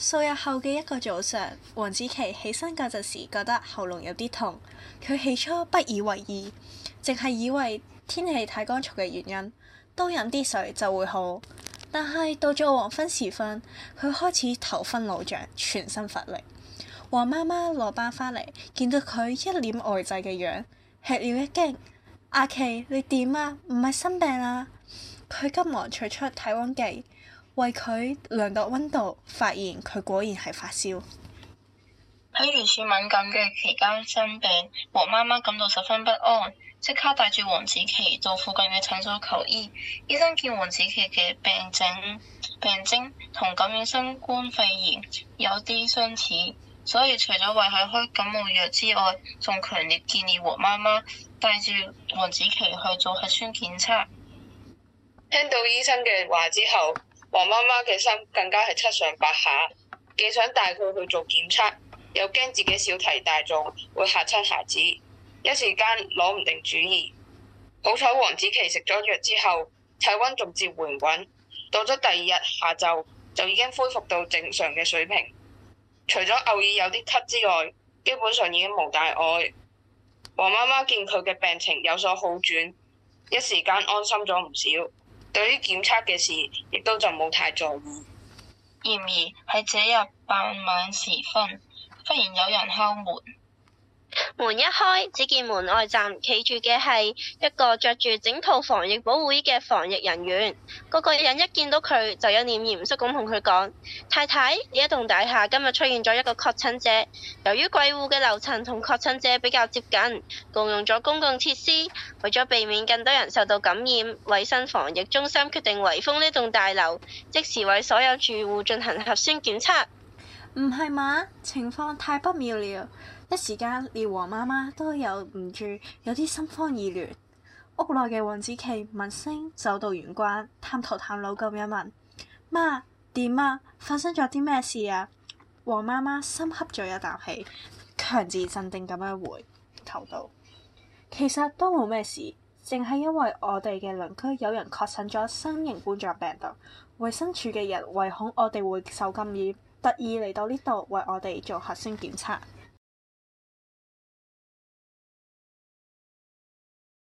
數日後嘅一個早上，黃子琪起身嗰陣時覺得喉嚨有啲痛，佢起初不以為意，淨係以為天氣太乾燥嘅原因，多飲啲水就會好。但係到咗黃昏時分，佢開始頭昏腦脹，全身乏力。黃媽媽落班返嚟，見到佢一臉呆滯嘅樣，吃了一驚：「阿琪你點啊？唔係生病啊？佢急忙取出體溫計。為佢量度溫度，發現佢果然係發燒。喺如此敏感嘅期間生病，黃媽媽感到十分不安，即刻帶住黃子琪到附近嘅診所求醫。醫生見黃子琪嘅病症病徵同感染新冠肺炎有啲相似，所以除咗為佢開感冒藥之外，仲強烈建議黃媽媽帶住黃子琪去做核酸檢測。聽到醫生嘅話之後，黃媽媽嘅心更加係七上八下，既想帶佢去做檢測，又驚自己小題大做會嚇親孩子，一時間攞唔定主意。好彩黃子祺食咗藥之後，體溫逐漸緩穩，到咗第二日下晝就已經恢復到正常嘅水平，除咗偶爾有啲咳之外，基本上已經無大礙。黃媽媽見佢嘅病情有所好轉，一時間安心咗唔少。對於檢測嘅事，亦都就冇太在意。然而喺這日傍晚時分，忽然有人敲門。門一開，只見門外站企住嘅係一個着住整套防疫保護衣嘅防疫人員。個個人一見到佢就一臉嚴肅咁同佢講：太太，呢一棟大廈今日出現咗一個確診者，由於貴戶嘅樓層同確診者比較接近，共用咗公共設施，為咗避免更多人受到感染，衛生防疫中心決定圍封呢棟大樓，即時為所有住戶進行核酸檢測。唔係嘛？情況太不妙了，一時間連王媽媽都有唔住，有啲心慌意亂。屋內嘅王子琪聞聲走到玄關，探頭探腦咁樣問：媽，點啊？發生咗啲咩事啊？王媽媽深吸咗一啖氣，強自鎮定咁樣回頭道：其實都冇咩事，淨係因為我哋嘅鄰居有人確診咗新型冠狀病毒，衛生署嘅人唯恐我哋會受感染。特意嚟到呢度為我哋做核酸檢測。